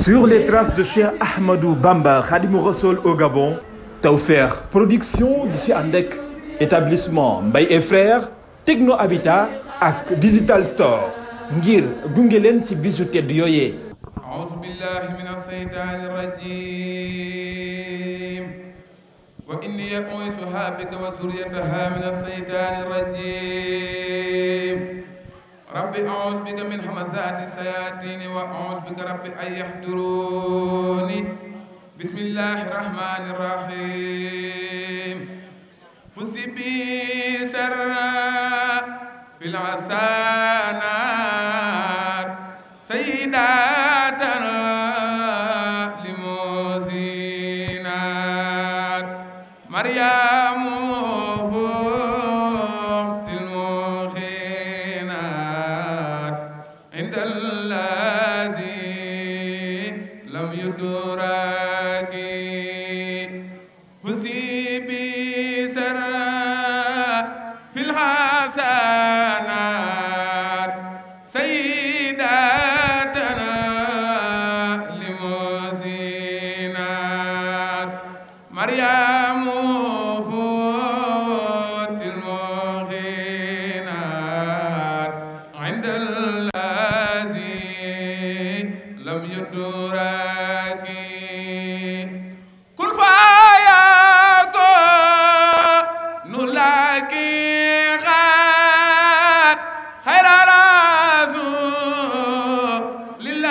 Sur les traces de Cheikh Ahmadou Bamba Khadimou Rassoul au Gabon Tawfekh Production di si ànd établissement Mbaye et Techno Habitat ak Digital Store ngir gunge leen ci bisu tedd yooyee aouzu billahi mina shaytaani rajim wa rabbi a'uuzu bika min hamazaati sayaatiini wa a'uuzu bika rabbi an yahduruuni bismillaahi rahmaani rahiim fusibi sarra fil hasanaat sayyidaa indal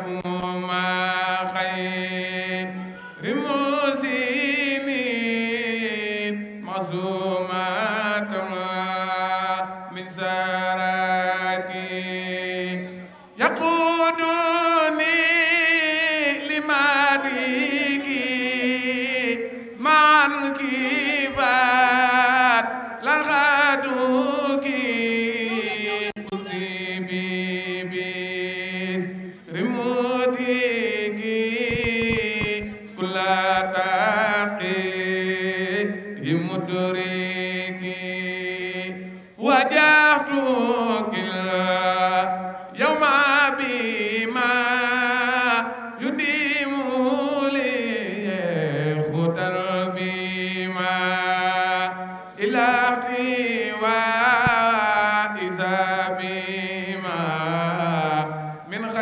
bi remote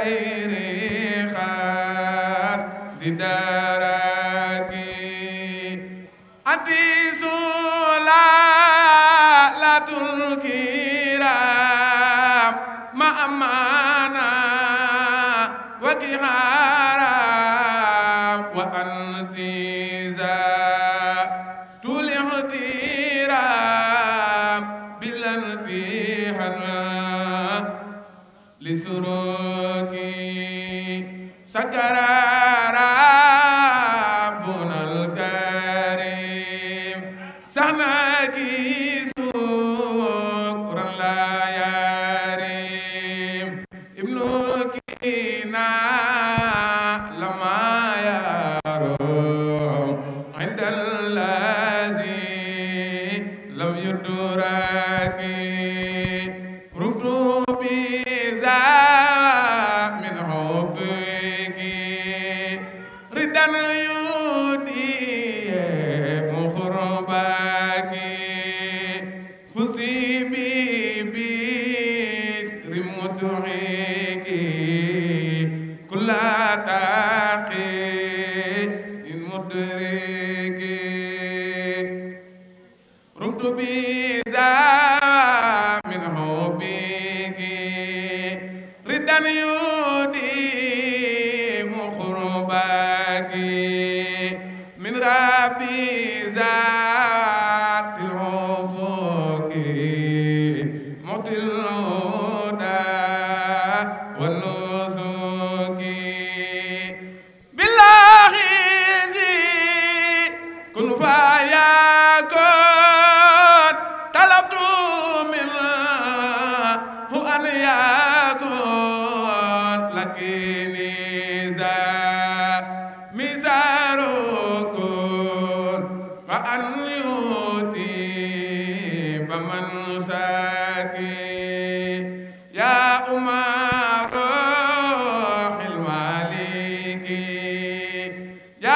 خير خاص لداراتي أنت سلالة الكرام ما أمانا وكهان Duraki rumtu bi za min hubbi ata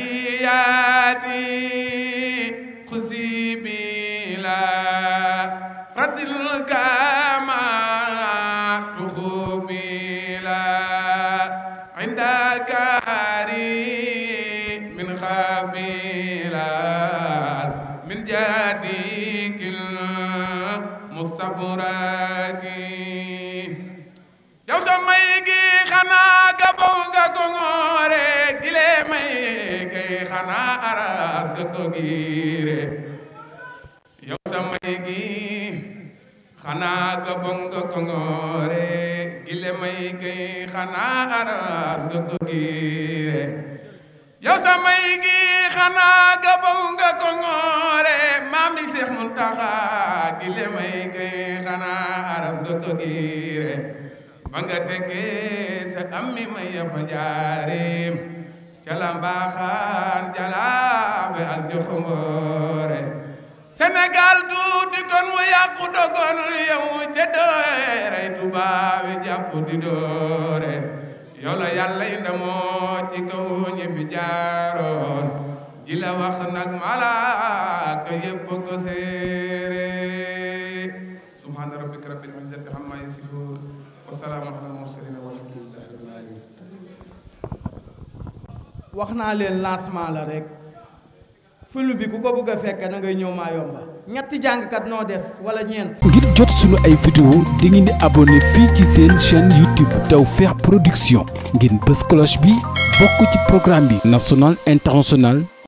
تحياتي خذي بلا رد الكما تخبيلا عند كاري من خبيلا من جاديك المستبرك يوسف ميجي خناك xanaa aras nga ko giire sama gi xanaa ka bong nga ko ngoore may gi xanaa aras nga ko giire sama gi xanaa ka bong nga ko ngoore maami Seex Muntaxa gile may gi xanaa aras nga ko giire nga tegee sa ammi may ya jaarim cala jalaabe ak joxumboore Sénégal tuuti kon mu yàqu dogon yow ca doore tubaabi jàpp di doore yolo yàlla inda moo ci kaw ñi jaaroon ji wax nag malaaka ko séere subhaana rabbika rabbil izzati amma yasifuun wa salaamun alal mursaliin walhamdulillahi rabbil aalamiin wax naa leen lancement la rek film bi ku ko bëgg a fekke na ngay ñëw maa yomba ñetti jàngkat noo des wala ñeent. ngir jot suñu ay vidéo di ngeen di abonné fii ci seen chaîne YouTube Tawfekh Production ngeen bës cloche bi bokk ci programme bi national international.